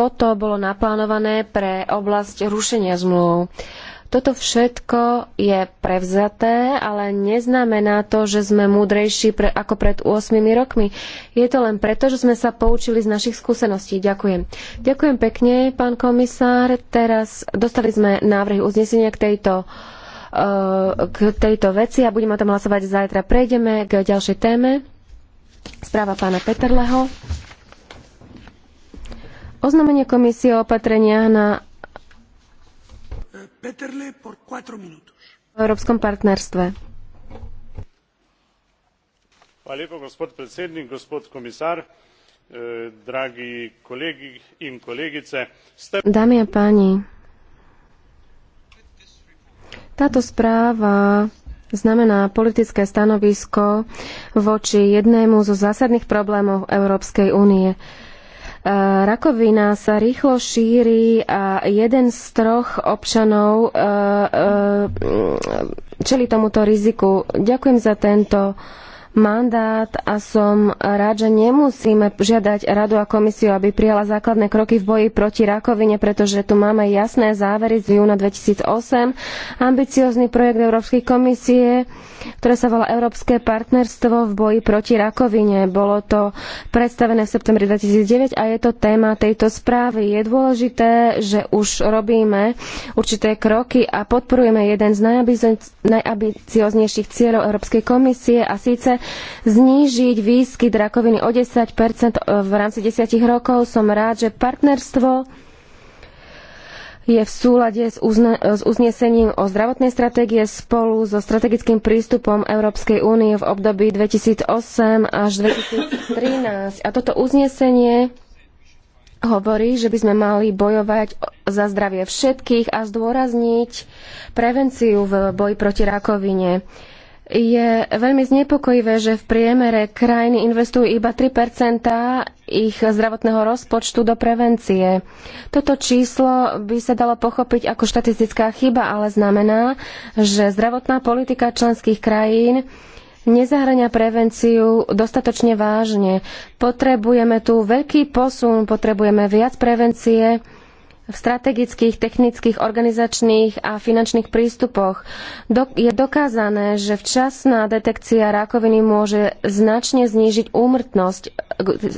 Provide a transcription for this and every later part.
toto bolo naplánované pre oblasť rušenia zmluv. Toto všetko je prevzaté, ale neznamená to, že sme múdrejší pre, ako pred 8 rokmi. Je to len preto, že sme sa poučili z našich skúseností. Ďakujem. Ďakujem pekne, pán komisár. Teraz dostali sme návrhy uznesenia k tejto eh, k tejto veci a budeme o tom hlasovať zajtra. Prejdeme k ďalšej téme. Správa pána Peterleho. Oznámenie komisie o opatreniach na V európskom partnerstve. Hvala gospod predsednik, gospod komisár, eh, dragi kolegi in kolegice. Dámy a páni, táto správa znamená politické stanovisko voči jednému zo zásadných problémov Európskej únie. E, rakovina sa rýchlo šíri a jeden z troch občanov e, e, čeli tomuto riziku. Ďakujem za tento mandát a som rád, že nemusíme žiadať radu a komisiu, aby prijala základné kroky v boji proti rakovine, pretože tu máme jasné závery z júna 2008, ambiciózny projekt Európskej komisie, ktoré sa volá Európske partnerstvo v boji proti rakovine. Bolo to predstavené v septembri 2009 a je to téma tejto správy. Je dôležité, že už robíme určité kroky a podporujeme jeden z najambicioznejších cieľov Európskej komisie a síce znížiť výskyt rakoviny o 10 e, v rámci 10 rokov. Som rád, že partnerstvo je v súlade s, uzne, s uznesením o zdravotnej stratégie spolu so strategickým prístupom Európskej únie v období 2008 až 2013. A toto uznesenie hovorí, že by sme mali bojovať za zdravie všetkých a zdôrazniť prevenciu v boji proti rakovine je veľmi znepokojivé, že v priemere krajiny investujú iba 3 ich zdravotného rozpočtu do prevencie. Toto číslo by sa dalo pochopiť ako štatistická chyba, ale znamená, že zdravotná politika členských krajín nezahrania prevenciu dostatočne vážne. Potrebujeme tu veľký posun, potrebujeme viac prevencie v strategických, technických, organizačných a finančných prístupoch. je dokázané, že včasná detekcia rakoviny môže značne znížiť úmrtnosť eh,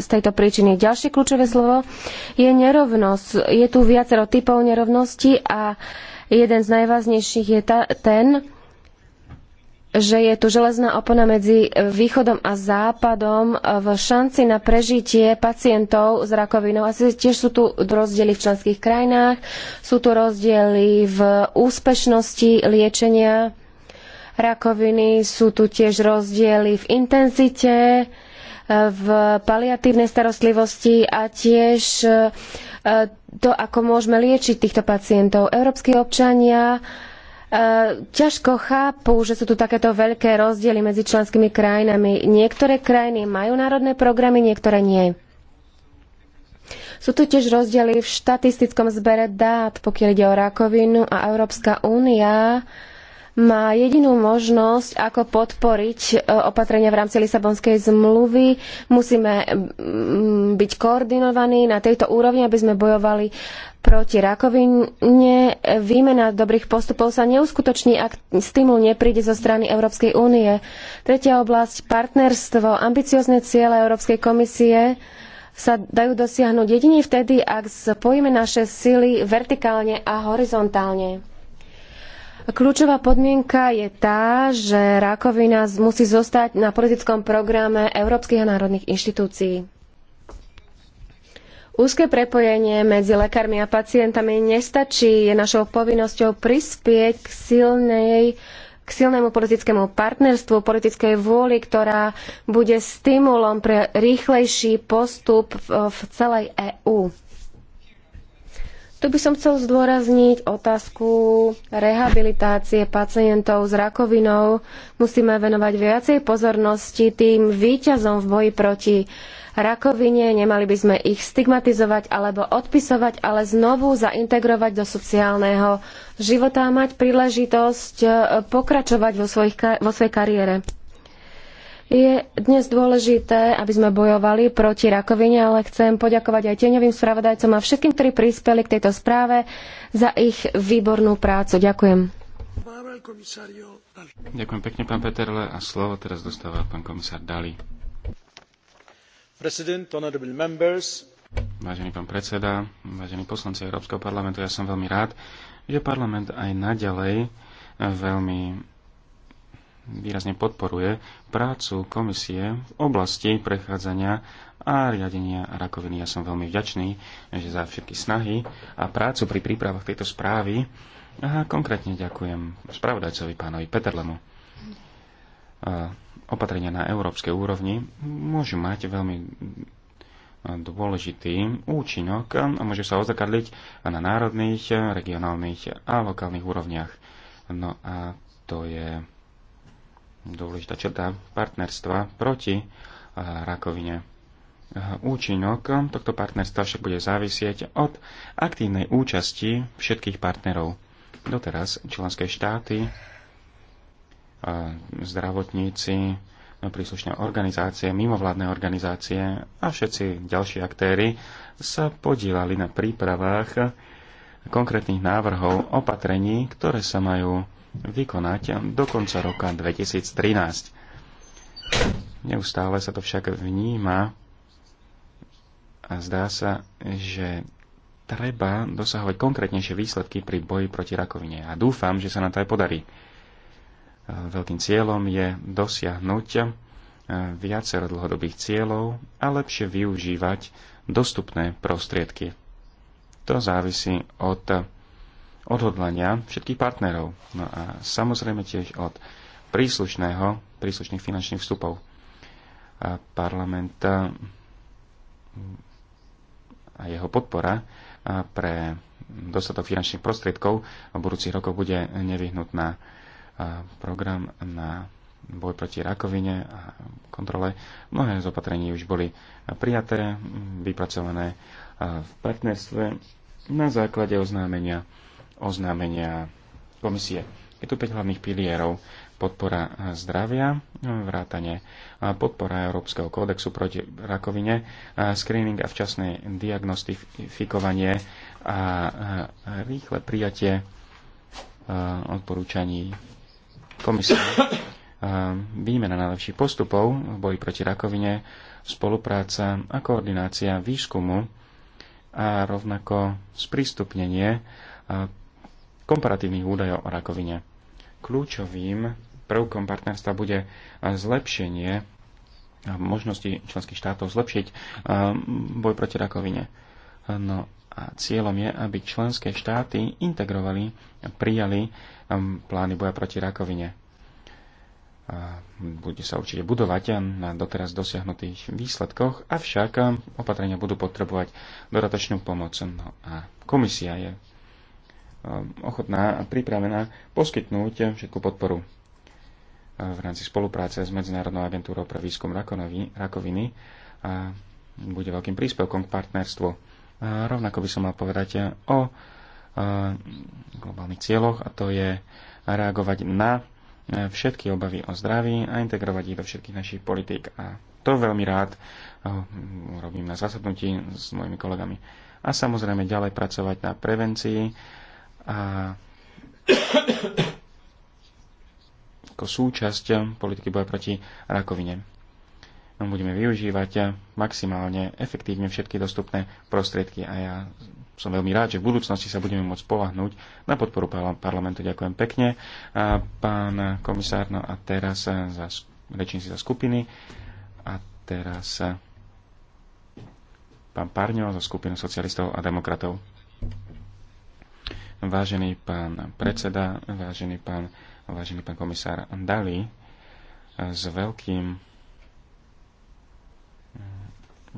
z tejto príčiny. Ďalšie kľúčové slovo je nerovnosť. Je tu viacero typov nerovnosti a jeden z najvážnejších je ta, ten, že je tu železná opona medzi e, východom a západom e, v šanci na prežitie pacientov s rakovinou. Asi tiež sú tu rozdiely v členských krajinách, sú tu rozdiely v úspešnosti liečenia rakoviny, sú tu tiež rozdiely v intenzite, e, v paliatívnej starostlivosti a tiež to, ako môžeme liečiť týchto pacientov. Európski občania Eh, ťažko chápu, že sú tu takéto veľké rozdiely medzi členskými krajinami. Niektoré krajiny majú národné programy, niektoré nie. Sú tu tiež rozdiely v štatistickom zbere dát, pokiaľ ide o rakovinu a Európska únia uh, má jedinú možnosť, ako podporiť e, opatrenia v rámci Lisabonskej zmluvy. Musíme byť koordinovaní na tejto úrovni, aby sme bojovali proti rakovine. Výmena dobrých postupov sa neuskutoční, ak stimul nepríde zo strany Európskej únie. Tretia oblasť, partnerstvo, ambiciozne ciele Európskej komisie sa dajú dosiahnuť jedine vtedy, ak spojíme naše sily vertikálne a horizontálne. Kľúčová podmienka je tá, že rakovina musí zostať na politickom programe európskych a národných inštitúcií. Úzke prepojenie medzi lekármi a pacientami nestačí, je našou povinnosťou prispieť k silnej k silnému politickému partnerstvu, politickej vôli, ktorá bude stimulom pre rýchlejší postup v, v celej EÚ. Tu by som chcel zdôrazniť otázku rehabilitácie pacientov s rakovinou. Musíme venovať viacej pozornosti tým výťazom v boji proti rakovine. Nemali by sme ich stigmatizovať alebo odpisovať, ale znovu zaintegrovať do sociálneho života a mať príležitosť eh, pokračovať vo, svojich, vo svojej kariére. Je dnes dôležité, aby sme bojovali proti rakovine, ale chcem poďakovať aj tieňovým spravodajcom a všetkým, ktorí prispeli k tejto správe za ich výbornú prácu. Ďakujem. Ďakujem pekne, pán Peterle. A slovo teraz dostáva pán komisár Dali. Vážený pán predseda, vážení poslanci Európskeho parlamentu, ja som veľmi rád, že parlament aj naďalej veľmi výrazne podporuje prácu komisie v oblasti prechádzania a riadenia rakoviny. Ja som veľmi vďačný že za všetky snahy a prácu pri prípravách tejto správy a konkrétne ďakujem spravodajcovi pánovi Peterlemu. Opatrenia na európskej úrovni môžu mať veľmi dôležitý účinok a môže sa ozrkadliť na národných, regionálnych a lokálnych úrovniach. No a to je dôležitá črta partnerstva proti eh, rakovine. Eh, účinok tohto partnerstva však bude závisieť od aktívnej účasti všetkých partnerov. Doteraz členské štáty, eh, zdravotníci, príslušné organizácie, mimovládne organizácie a všetci ďalší aktéry sa podielali na prípravách konkrétnych návrhov opatrení, ktoré sa majú vykonať do konca roka 2013. Neustále sa to však vníma a zdá sa, že treba dosahovať konkrétnejšie výsledky pri boji proti rakovine. A dúfam, že sa nám to aj podarí. Veľkým cieľom je dosiahnuť eh, viacero dlhodobých cieľov a lepšie využívať dostupné prostriedky. To závisí od odhodlania všetkých partnerov. No a samozrejme tiež od príslušného, príslušných finančných vstupov. A parlament a jeho podpora pre dostatok finančných prostriedkov v budúcich rokoch bude nevyhnutná program na boj proti rakovine a kontrole. Mnohé z opatrení už boli prijaté, vypracované v partnerstve na základe oznámenia oznámenia komisie. Je tu 5 hlavných pilierov. Podpora zdravia, vrátanie podpora Európskeho kódexu proti rakovine, screening a včasné diagnostifikovanie a rýchle prijatie e, odporúčaní komisie. E, výmena najlepších postupov v boji proti rakovine, spolupráca a koordinácia výskumu a rovnako sprístupnenie e, komparatívnych údajov o rakovine. Kľúčovým prvkom partnerstva bude zlepšenie možnosti členských štátov zlepšiť eh, boj proti rakovine. No a cieľom je, aby členské štáty integrovali a prijali ehm, plány boja proti rakovine. A bude sa určite budovať na doteraz dosiahnutých výsledkoch, avšak ehm, opatrenia budú potrebovať dodatočnú pomoc. No a komisia je Eh, ochotná a pripravená poskytnúť všetku podporu. Eh, v rámci spolupráce s Medzinárodnou agentúrou pre výskum rakoviny a bude veľkým príspevkom k partnerstvu. A rovnako by som mal povedať o eh, globálnych cieľoch a to je reagovať na všetky obavy o zdraví a integrovať ich do všetkých našich politík. A to veľmi rád robím na zasadnutí s mojimi kolegami. A samozrejme ďalej pracovať na prevencii a ako súčasť politiky boja proti rakovine. No, budeme využívať maximálne efektívne všetky dostupné prostriedky a ja som veľmi rád, že v budúcnosti sa budeme môcť spolahnúť na podporu parlamentu. Ďakujem pekne. A pán komisár, no a teraz za, rečím si za skupiny. A teraz pán Parňo za skupinu socialistov a demokratov. Vážený pán predseda, vážený pán, vážený pán komisár Dali, eh, s veľkým eh,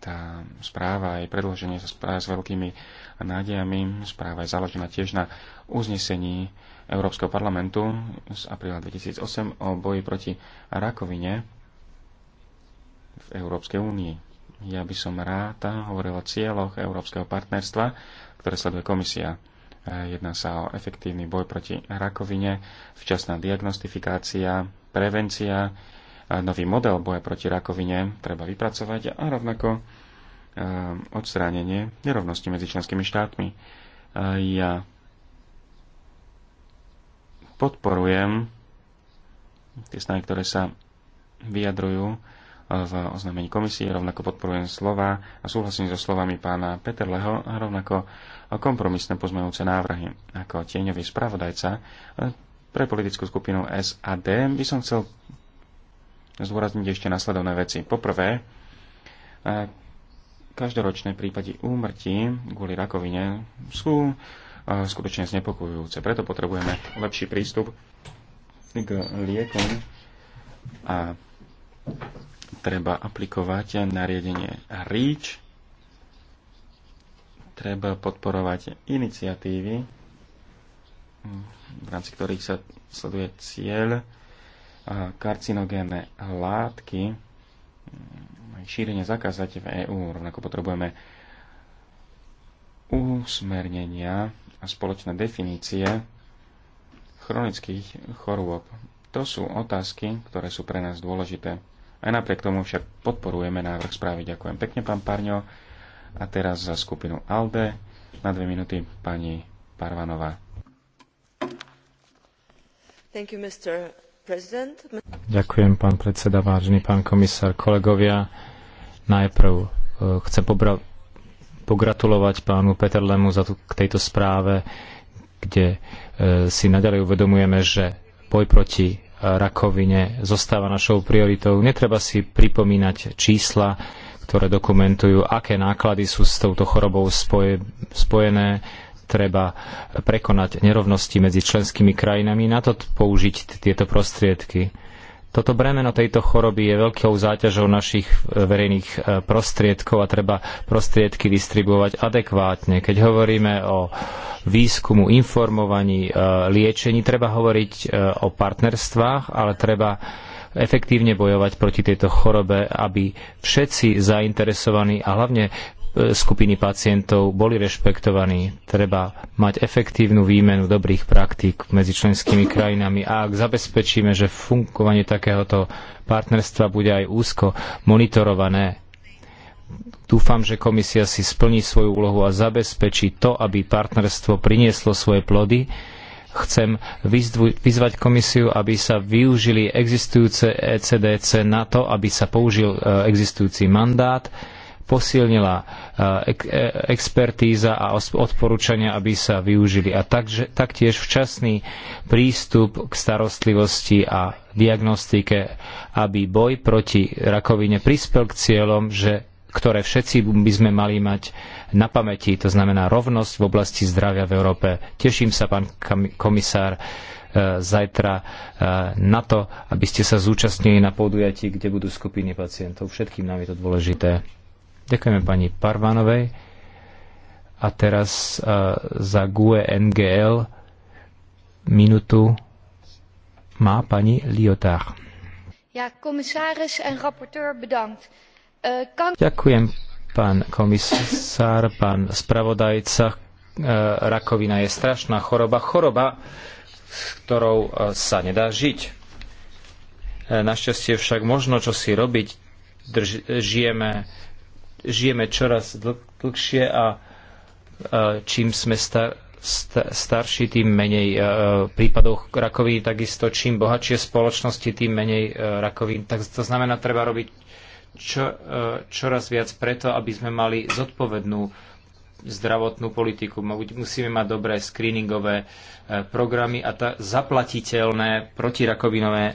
tá správa aj predloženie sa správa s veľkými nádejami. Správa je založená tiež na uznesení Európskeho parlamentu z apríla 2008 o boji proti rakovine v Európskej únii. Ja by som ráta hovoril o cieľoch Európskeho partnerstva, ktoré sleduje komisia. E, jedná sa o efektívny boj proti rakovine, včasná diagnostifikácia, prevencia, e, nový model boja proti rakovine treba vypracovať a rovnako e, odstránenie nerovnosti medzi členskými štátmi. Ja podporujem tie snahy, ktoré sa vyjadrujú v oznámení komisie, rovnako podporujem slova a súhlasím so slovami pána Peter Leho a rovnako kompromisné pozmejúce návrhy. Ako tieňový spravodajca e, pre politickú skupinu SAD by som chcel zdôrazniť ešte nasledovné veci. Poprvé, e, každoročné prípady úmrtí kvôli rakovine sú e, skutočne znepokojujúce. Preto potrebujeme lepší prístup k liekom a treba aplikovať nariadenie REACH, treba podporovať iniciatívy, v rámci ktorých sa sleduje cieľ karcinogénne látky šírenie zakázať v EÚ. Rovnako potrebujeme usmernenia a spoločné definície chronických chorôb. To sú otázky, ktoré sú pre nás dôležité. Aj napriek tomu však podporujeme návrh správy. Ďakujem pekne, pán Parňo. A teraz za skupinu ALDE na dve minúty pani Parvanová. Thank you, Mr. President. Ďakujem, pán predseda, vážený pán komisár, kolegovia. Najprv e, chcem pogratulovať pánu Peterlemu za k tejto správe, kde e, si naďalej uvedomujeme, že boj proti rakovine zostáva našou prioritou. Netreba si pripomínať čísla, ktoré dokumentujú, aké náklady sú s touto chorobou spoje, spojené. Treba prekonať nerovnosti medzi členskými krajinami, na to použiť tieto prostriedky toto bremeno tejto choroby je veľkou záťažou našich e, verejných e, prostriedkov a treba prostriedky distribuovať adekvátne. Keď hovoríme o výskumu, informovaní, e, liečení, treba hovoriť o partnerstvách, ale treba efektívne bojovať proti tejto chorobe, aby všetci zainteresovaní a hlavne skupiny pacientov boli rešpektovaní. Treba mať efektívnu výmenu dobrých praktík medzi členskými krajinami a ak zabezpečíme, že fungovanie takéhoto partnerstva bude aj úzko monitorované, dúfam, že komisia si splní svoju úlohu a zabezpečí to, aby partnerstvo prinieslo svoje plody. Chcem vyzvať komisiu, aby sa využili existujúce ECDC na to, aby sa použil e, existujúci mandát posilnila e, e, expertíza a odporúčania, aby sa využili. A takže, taktiež včasný prístup k starostlivosti a diagnostike, aby boj proti rakovine prispel k cieľom, že ktoré všetci by sme mali mať na pamäti, to znamená rovnosť v oblasti zdravia v Európe. Teším sa, pán komisár, e, zajtra na to, aby ste sa zúčastnili na podujatí, kde budú skupiny pacientov. Všetkým nám je to dôležité. Ďakujeme pani Parvanovej. A teraz uh, za GUE NGL minutu má pani Lyotard. Ja, komisáris en rapporteur bedankt. Uh, kan... Ďakujem, pán komisár, pán spravodajca. Uh, rakovina je strašná choroba. Choroba, s ktorou uh, sa nedá žiť. Našťastie však možno čo si robiť. Drž, žijeme žijeme čoraz dl- dlhšie a čím sme star- st- starší, tým menej e, prípadov rakoviny, takisto čím bohatšie spoločnosti, tým menej e, rakovín. Tak to znamená, treba robiť čo, e, čoraz viac preto, aby sme mali zodpovednú zdravotnú politiku. Musíme mať dobré screeningové e, programy a tá zaplatiteľné protirakovinové e,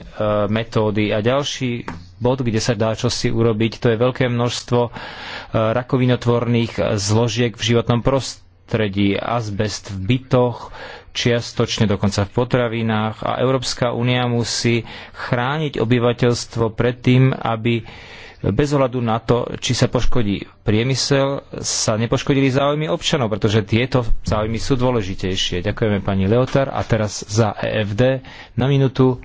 metódy. A ďalší bod, kde sa dá čosi urobiť, to je veľké množstvo e, rakovinotvorných zložiek v životnom prostredí. Azbest v bytoch, čiastočne dokonca v potravinách. A Európska únia musí chrániť obyvateľstvo pred tým, aby bez ohľadu na to, či sa poškodí priemysel, sa nepoškodili záujmy občanov, pretože tieto záujmy sú dôležitejšie. Ďakujeme pani Leotar a teraz za EFD na minútu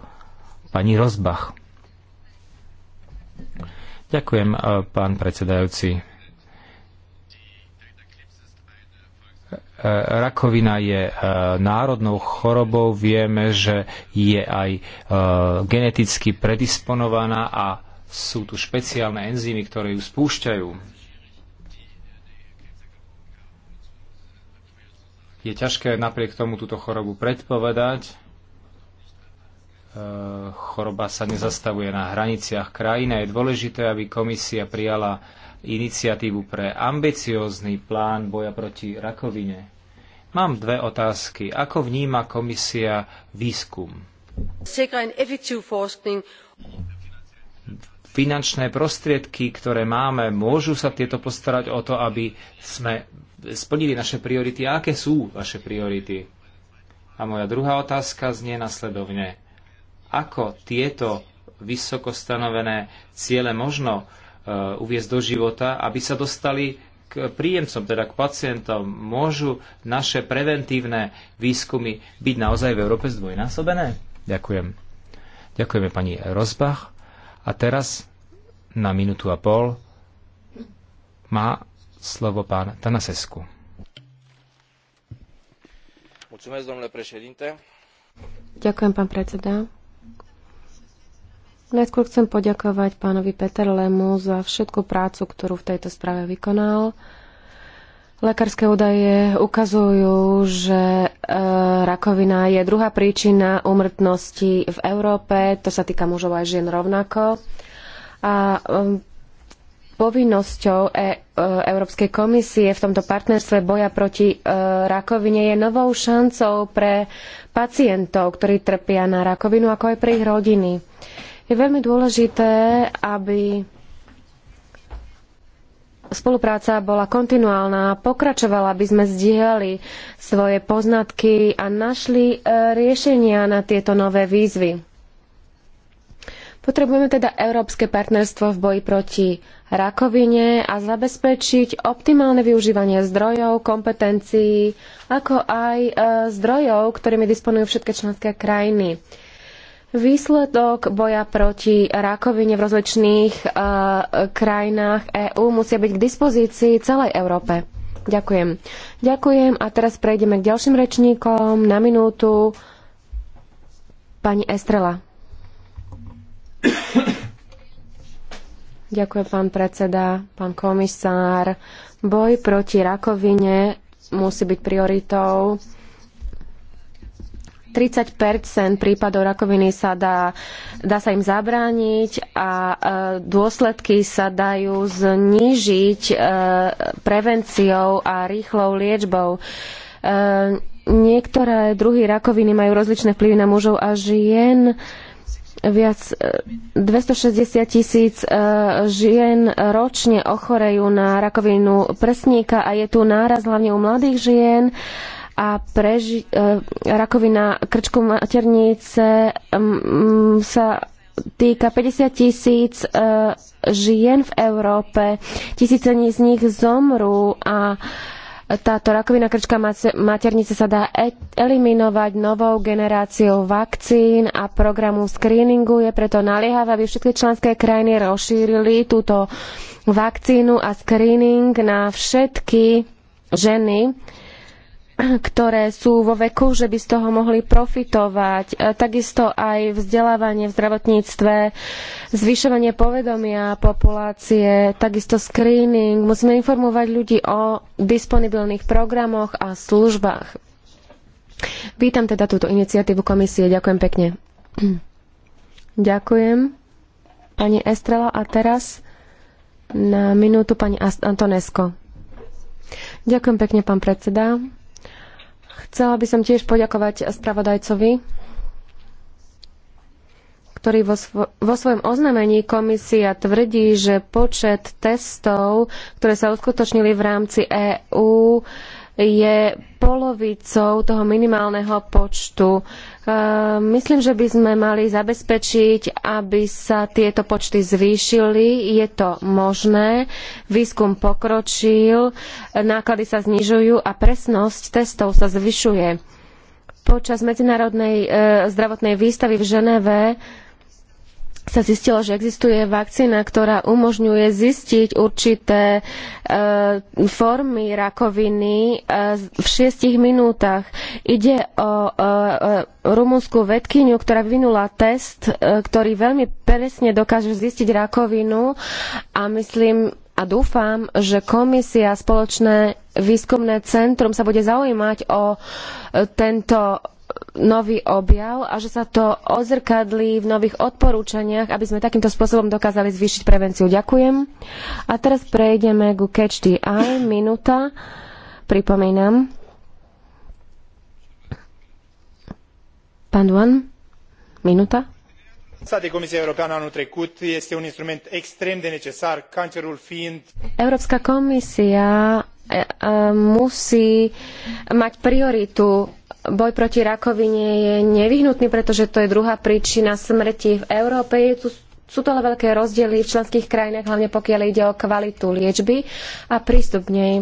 pani Rozbach. Ďakujem, e, pán predsedajúci. E, rakovina je e, národnou chorobou, vieme, že je aj geneticky predisponovaná a sú tu špeciálne enzymy, ktoré ju spúšťajú. Je ťažké napriek tomu túto chorobu predpovedať. E, choroba sa nezastavuje na hraniciach krajina. Je dôležité, aby komisia prijala iniciatívu pre ambiciózny plán boja proti rakovine. Mám dve otázky. Ako vníma komisia výskum? finančné prostriedky, ktoré máme, môžu sa tieto postarať o to, aby sme splnili naše priority. A aké sú vaše priority? A moja druhá otázka znie nasledovne. Ako tieto vysoko stanovené ciele možno uh, uviezť do života, aby sa dostali k príjemcom, teda k pacientom. Môžu naše preventívne výskumy byť naozaj v Európe zdvojnásobené? Ďakujem. Ďakujeme pani Rozbach. A teraz na minútu a pol má slovo pán Tanasescu. Ďakujem, pán predseda. Najskôr chcem poďakovať pánovi Peterlemu za všetku prácu, ktorú v tejto správe vykonal. Lekárske údaje ukazujú, že e, rakovina je druhá príčina úmrtnosti v Európe. To sa týka mužov aj žien rovnako. A povinnosťou e, e Európskej komisie v tomto partnerstve boja proti e, rakovine je novou šancou pre pacientov, ktorí trpia na rakovinu, ako aj pre ich rodiny. Je veľmi dôležité, aby spolupráca bola kontinuálna, pokračovala, aby sme zdieľali svoje poznatky a našli e, riešenia na tieto nové výzvy. Potrebujeme teda európske partnerstvo v boji proti rakovine a zabezpečiť optimálne využívanie zdrojov, kompetencií, ako aj e, zdrojov, ktorými disponujú všetky členské krajiny. Výsledok boja proti rakovine v rozličných eh, krajinách EÚ musia byť k dispozícii celej Európe. Ďakujem. Ďakujem a teraz prejdeme k ďalším rečníkom na minútu. Pani Estrela. Ďakujem, pán predseda, pán komisár. Boj proti rakovine musí byť prioritou 30 prípadov rakoviny sa dá, dá sa im zabrániť a e, dôsledky sa dajú znížiť e, prevenciou a rýchlou liečbou. E, niektoré druhy rakoviny majú rozličné vplyvy na mužov a žien viac 260 tisíc žien ročne ochorejú na rakovinu prsníka a je tu náraz hlavne u mladých žien a preži- e, rakovina krčku maternice sa týka 50 tisíc e, žien v Európe. Tisíce z nich zomrú a táto rakovina krčka maternice sa dá e- eliminovať novou generáciou vakcín a programu screeningu. Je preto naliehavé, aby všetky členské krajiny rozšírili túto vakcínu a screening na všetky ženy ktoré sú vo veku, že by z toho mohli profitovať. E, takisto aj vzdelávanie v zdravotníctve, zvyšovanie povedomia populácie, takisto screening. Musíme informovať ľudí o disponibilných programoch a službách. Vítam teda túto iniciatívu komisie. Ďakujem pekne. Ďakujem. Pani Estrela a teraz na minútu pani Antonesko. Ďakujem pekne, pán predseda. Chcela by som tiež poďakovať spravodajcovi, ktorý vo, svo- vo svojom oznámení komisia tvrdí, že počet testov, ktoré sa uskutočnili v rámci EÚ, je polovicou toho minimálneho počtu. Ehm, myslím, že by sme mali zabezpečiť, aby sa tieto počty zvýšili. Je to možné. Výskum pokročil, náklady sa znižujú a presnosť testov sa zvyšuje. Počas Medzinárodnej eh, zdravotnej výstavy v Ženeve sa zistilo, že existuje vakcína, ktorá umožňuje zistiť určité e, formy rakoviny e, v šiestich minútach. Ide o e, e rumunskú vedkyňu, ktorá vyvinula test, e, ktorý veľmi presne dokáže zistiť rakovinu a myslím a dúfam, že komisia spoločné výskumné centrum sa bude zaujímať o e, tento nový objav a že sa to odzrkadlí v nových odporúčaniach, aby sme takýmto spôsobom dokázali zvýšiť prevenciu. Ďakujem. A teraz prejdeme ku Catch the Eye. Minúta. Pripomínam. Pán Duan, minúta. Európska komisia e, e, musí mať prioritu Boj proti rakovine je nevyhnutný, pretože to je druhá príčina smrti v Európe. Je tu sú to ale veľké rozdiely v členských krajinách, hlavne pokiaľ ide o kvalitu liečby a prístup k nej.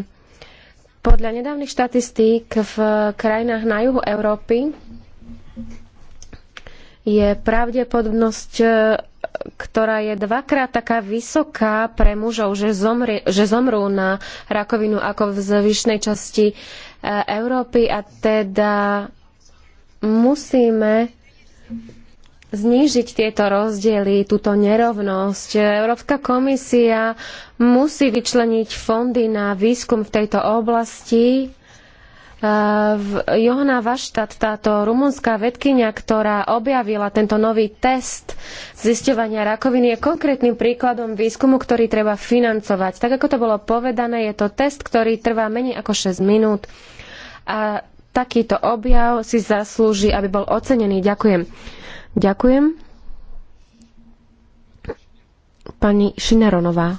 Podľa nedávnych štatistík v krajinách na juhu Európy je pravdepodobnosť, e, ktorá je dvakrát taká vysoká pre mužov, že, zomri, že zomrú na rakovinu ako v zvyšnej časti Európy a teda musíme znížiť tieto rozdiely, túto nerovnosť. Európska komisia musí vyčleniť fondy na výskum v tejto oblasti. E, Johana Vaštat, táto rumunská vedkynia, ktorá objavila tento nový test zisťovania rakoviny, je konkrétnym príkladom výskumu, ktorý treba financovať. Tak ako to bolo povedané, je to test, ktorý trvá menej ako 6 minút a takýto objav si zaslúži, aby bol ocenený. Ďakujem. Ďakujem. Pani Šinaronová.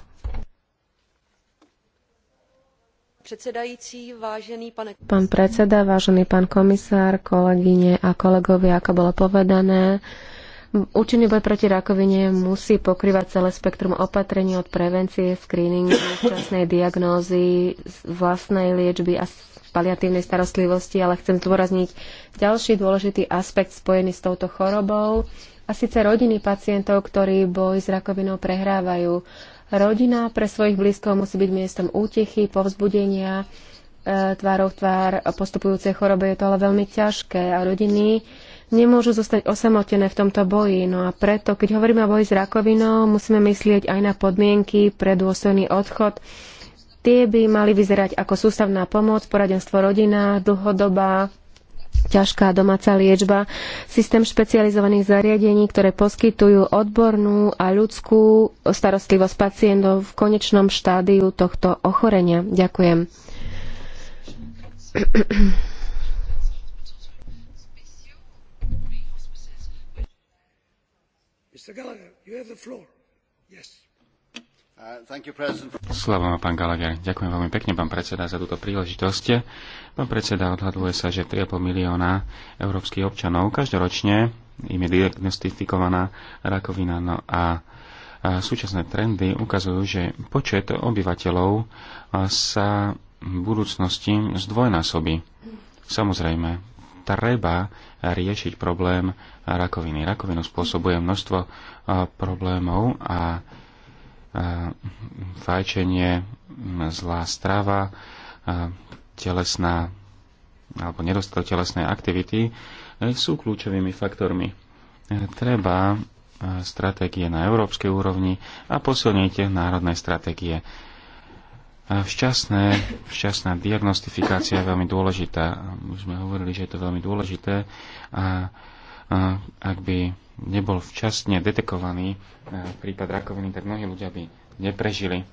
Pán predseda, vážený pán komisár, kolegyne a kolegovia, ako bolo povedané, Účinný boj proti rakovine musí pokrývať celé spektrum opatrení od prevencie, screeningu, včasnej diagnózy, vlastnej liečby a paliatívnej starostlivosti, ale chcem zdôrazniť ďalší dôležitý aspekt spojený s touto chorobou, a síce rodiny pacientov, ktorí boj s rakovinou prehrávajú. Rodina pre svojich blízkov musí byť miestom útechy, povzbudenia, e, tvárov tvár postupujúcej chorobe je to ale veľmi ťažké a rodiny nemôžu zostať osamotené v tomto boji. No a preto, keď hovoríme o boji s rakovinou, musíme myslieť aj na podmienky pre dôstojný odchod Tie by mali vyzerať ako sústavná pomoc, poradenstvo rodina, dlhodobá, ťažká domáca liečba, systém špecializovaných zariadení, ktoré poskytujú odbornú a ľudskú starostlivosť pacientov v konečnom štádiu tohto ochorenia. Ďakujem. Mr. Gallagher, you have the floor. Yes. Slovo pán Gallagher. Ďakujem veľmi pekne, pán predseda, za túto príležitosť. Pán predseda, odhaduje sa, že 3,5 milióna európskych občanov každoročne im je diagnostifikovaná rakovina. No a súčasné trendy ukazujú, že počet obyvateľov sa v budúcnosti zdvojnásobí. Samozrejme, treba riešiť problém rakoviny. Rakovinu spôsobuje množstvo problémov a fajčenie, zlá strava, telesná alebo nedostatok telesnej aktivity e, sú kľúčovými faktormi. E, treba e, stratégie na európskej úrovni a posilnite národnej stratégie. Včasné, včasná diagnostifikácia je veľmi dôležitá. Už sme hovorili, že je to veľmi dôležité a, a ak by nebol včasne detekovaný e, prípad rakoviny, tak mnohí ľudia by neprežili.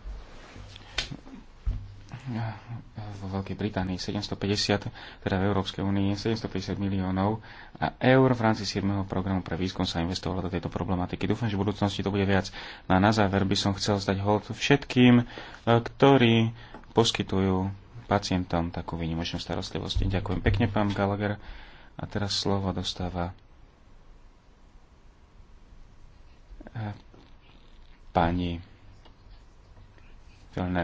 Vo Veľkej Británii 750, teda v Európskej únii 750 miliónov a eur v rámci 7. programu pre výskum sa investovalo do tejto problematiky. Dúfam, že v budúcnosti to bude viac. No a na záver by som chcel zdať hold všetkým, e, ktorí poskytujú pacientom takú výnimočnú starostlivosť. Ďakujem pekne, pán Gallagher. A teraz slovo dostáva pani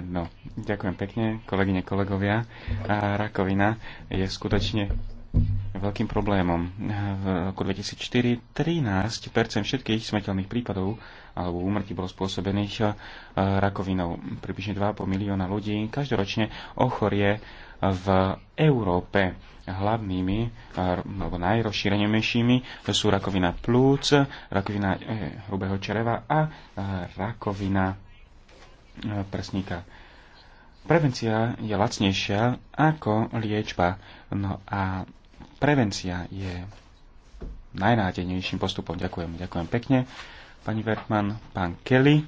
No, ďakujem pekne, kolegyne, kolegovia. Rakovina je skutočne veľkým problémom. V roku 2004 13% všetkých smrteľných prípadov alebo úmrtí bolo spôsobených eh, rakovinou. Približne 2,5 milióna ľudí každoročne ochorie v Európe. Hlavnými alebo najrozšírenejšími sú rakovina plúc, rakovina e, hrubého čreva a rakovina e, prsníka. Prevencia je lacnejšia ako liečba. No a prevencia je najnádejnejším postupom. Ďakujem, ďakujem pekne. Pani Vertman, pán Kelly.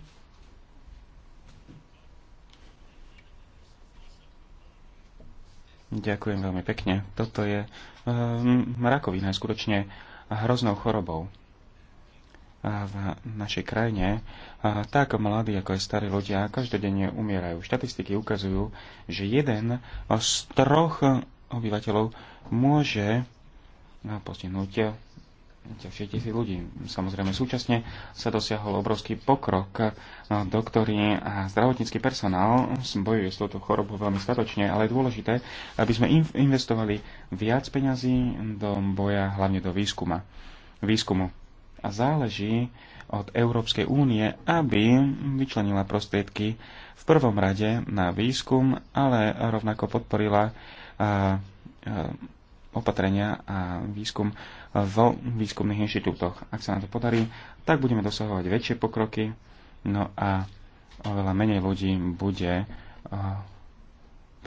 Ďakujem veľmi pekne. Toto je um, ehm, rakovina, je skutočne hroznou chorobou v našej krajine, tak mladí ako aj starí ľudia každodenne umierajú. Štatistiky ukazujú, že jeden z troch obyvateľov môže postihnúť ďalšie tisíc ľudí. Samozrejme, súčasne sa dosiahol obrovský pokrok. No, doktori a zdravotnícky personál bojuje s touto chorobou veľmi statočne, ale je dôležité, aby sme investovali viac peňazí do boja, hlavne do výskuma. výskumu. A záleží od Európskej únie, aby vyčlenila prostriedky v prvom rade na výskum, ale rovnako podporila a, a, opatrenia a výskum vo výskumných inštitútoch. Ak sa nám to podarí, tak budeme dosahovať väčšie pokroky, no a oveľa menej ľudí bude eh, eh,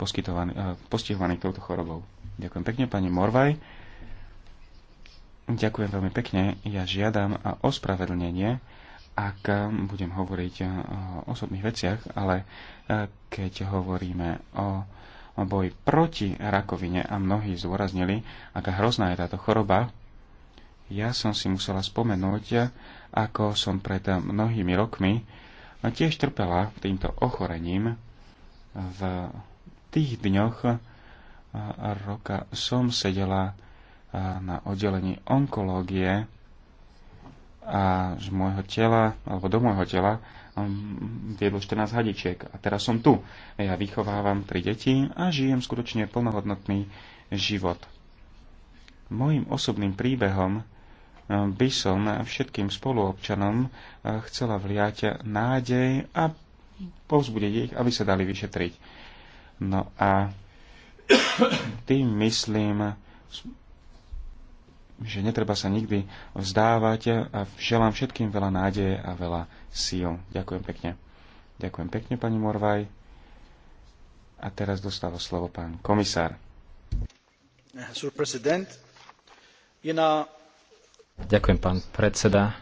postihovaných touto chorobou. Ďakujem pekne, pani Morvaj. Ďakujem veľmi pekne. Ja žiadam ospravedlnenie, ak eh, budem hovoriť o osobných veciach, ale keď hovoríme o o proti rakovine a mnohí zdôraznili, aká hrozná je táto choroba, ja som si musela spomenúť, ako som pred mnohými rokmi tiež trpela týmto ochorením. V tých dňoch roka som sedela na oddelení onkológie a z môjho tela, alebo do môjho tela viedlo 14 hadičiek a teraz som tu. Ja vychovávam tri deti a žijem skutočne plnohodnotný život. Mojím osobným príbehom eh, by som všetkým spoluobčanom eh, chcela vliať nádej a povzbudiť ich, aby sa dali vyšetriť. No a tým myslím že netreba sa nikdy vzdávať a želám všetkým veľa nádeje a veľa síl. Ďakujem pekne. Ďakujem pekne, pani Morvaj. A teraz dostáva slovo pán komisár. Ďakujem, pán predseda.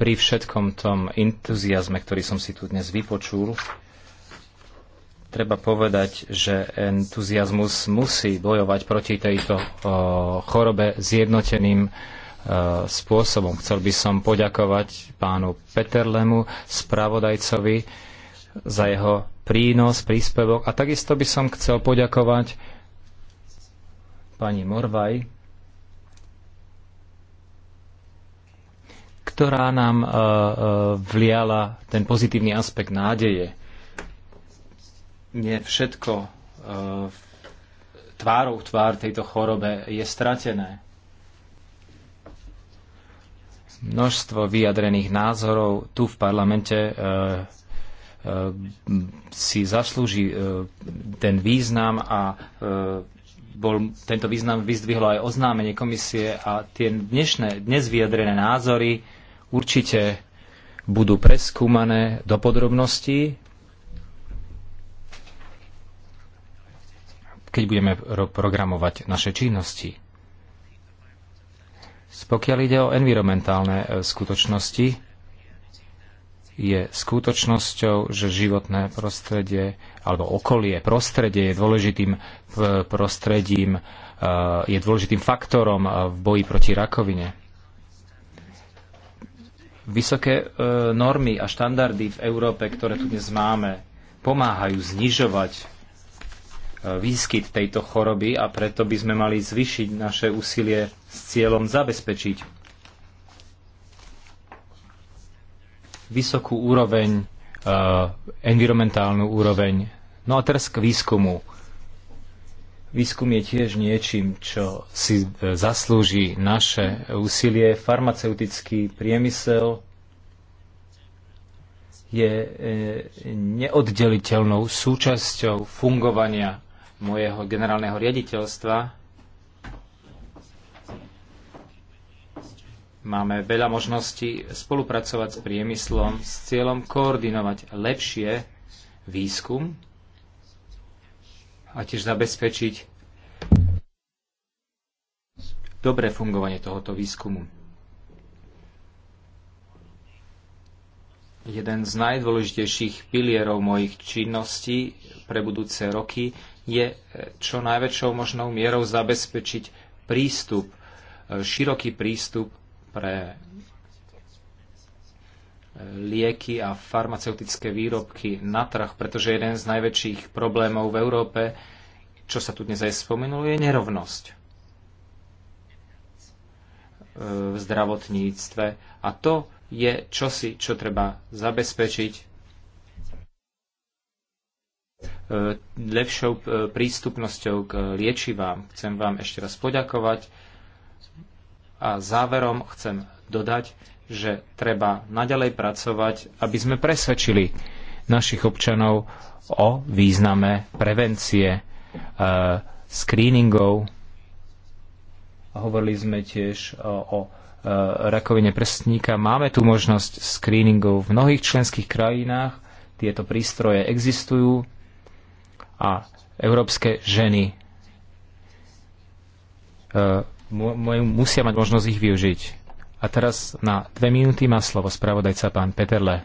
Pri všetkom tom entuziasme, ktorý som si tu dnes vypočul, treba povedať, že entuziasmus musí bojovať proti tejto chorobe zjednoteným e, spôsobom. Chcel by som poďakovať pánu Peterlemu, spravodajcovi, za jeho prínos, príspevok a takisto by som chcel poďakovať pani Morvaj, ktorá nám e, e, vliala ten pozitívny aspekt nádeje nie všetko e, tvárou v tvár tejto chorobe je stratené. Množstvo vyjadrených názorov tu v parlamente e, e, si zaslúži ten význam a bol, tento význam vyzdvihlo aj oznámenie komisie a tie dnešné, dnes vyjadrené názory určite budú preskúmané do podrobností keď budeme programovať naše činnosti. Pokiaľ ide o environmentálne e, skutočnosti, je skutočnosťou, že životné prostredie alebo okolie, prostredie je dôležitým e, prostredím, e, je dôležitým faktorom v boji proti rakovine. Vysoké normy a štandardy v Európe, ktoré tu dnes máme, pomáhajú znižovať výskyt tejto choroby a preto by sme mali zvyšiť naše úsilie s cieľom zabezpečiť vysokú úroveň, eh, environmentálnu úroveň. No a teraz k výskumu. Výskum je tiež niečím, čo si eh, zaslúži naše úsilie. Farmaceutický priemysel je eh, neoddeliteľnou súčasťou fungovania mojeho generálneho riaditeľstva. Máme veľa možností spolupracovať s priemyslom s cieľom koordinovať lepšie výskum a tiež zabezpečiť dobré fungovanie tohoto výskumu. Jeden z najdôležitejších pilierov mojich činností pre budúce roky je e, čo najväčšou možnou mierou zabezpečiť prístup, e, široký prístup pre e, lieky a farmaceutické výrobky na trh, pretože jeden z najväčších problémov v Európe, čo sa tu dnes aj spomenulo, je nerovnosť v zdravotníctve. A to je čosi, čo treba zabezpečiť E, lepšou e, prístupnosťou k liečivám. Chcem vám ešte raz poďakovať a záverom chcem dodať, že treba naďalej pracovať, aby sme presvedčili našich občanov o význame prevencie, e, screeningov. Hovorili sme tiež o, o rakovine prstníka. Máme tu možnosť screeningov v mnohých členských krajinách. Tieto prístroje existujú, a európske ženy e, musia mať možnosť ich využiť. A teraz na dve minúty má slovo spravodajca pán Peterle.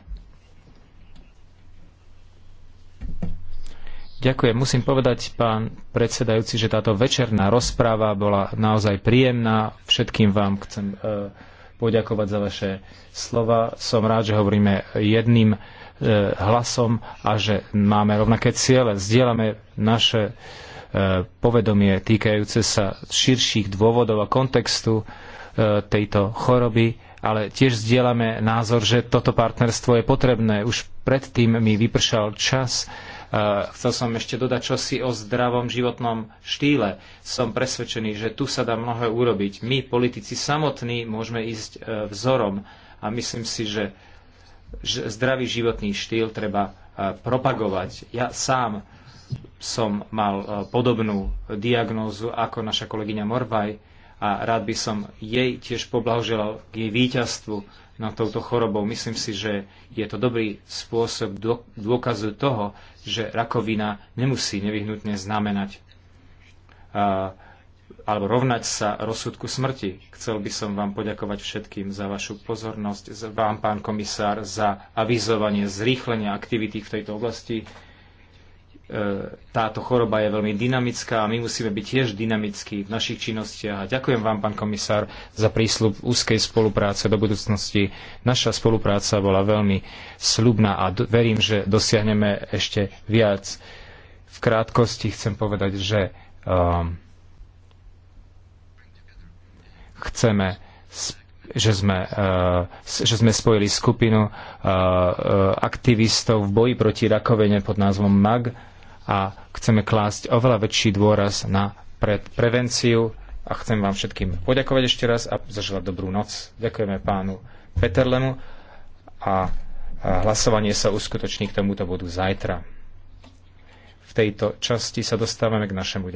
Ďakujem. Musím povedať, pán predsedajúci, že táto večerná rozpráva bola naozaj príjemná. Všetkým vám chcem e, poďakovať za vaše slova. Som rád, že hovoríme jedným E, hlasom a že máme rovnaké ciele. Zdieľame naše e, povedomie týkajúce sa širších dôvodov a kontextu e, tejto choroby, ale tiež zdieľame názor, že toto partnerstvo je potrebné. Už predtým mi vypršal čas. Chcel som ešte dodať čosi o zdravom životnom štýle. Som presvedčený, že tu sa dá mnohé urobiť. My, politici samotní, môžeme ísť vzorom a myslím si, že zdravý životný štýl treba e, propagovať. Ja sám som mal e, podobnú diagnózu ako naša kolegyňa Morvaj a rád by som jej tiež poblahoželal k jej víťazstvu nad touto chorobou. Myslím si, že je to dobrý spôsob dôkazu toho, že rakovina nemusí nevyhnutne znamenať e, alebo rovnať sa rozsudku smrti. Chcel by som vám poďakovať všetkým za vašu pozornosť, vám, pán komisár, za avizovanie zrýchlenia aktivity v tejto oblasti. E, táto choroba je veľmi dynamická a my musíme byť tiež dynamickí v našich činnostiach. A ďakujem vám, pán komisár, za prísľub úzkej spolupráce do budúcnosti. Naša spolupráca bola veľmi slubná a verím, že dosiahneme ešte viac. V krátkosti chcem povedať, že um, chceme, že sme, e, že sme spojili skupinu e, e, aktivistov v boji proti rakovine pod názvom MAG a chceme klásť oveľa väčší dôraz na prevenciu a chcem vám všetkým poďakovať ešte raz a zaželať dobrú noc. Ďakujeme pánu Peterlemu a hlasovanie sa uskutoční k tomuto bodu zajtra. V tejto časti sa dostávame k našemu ďalšiemu.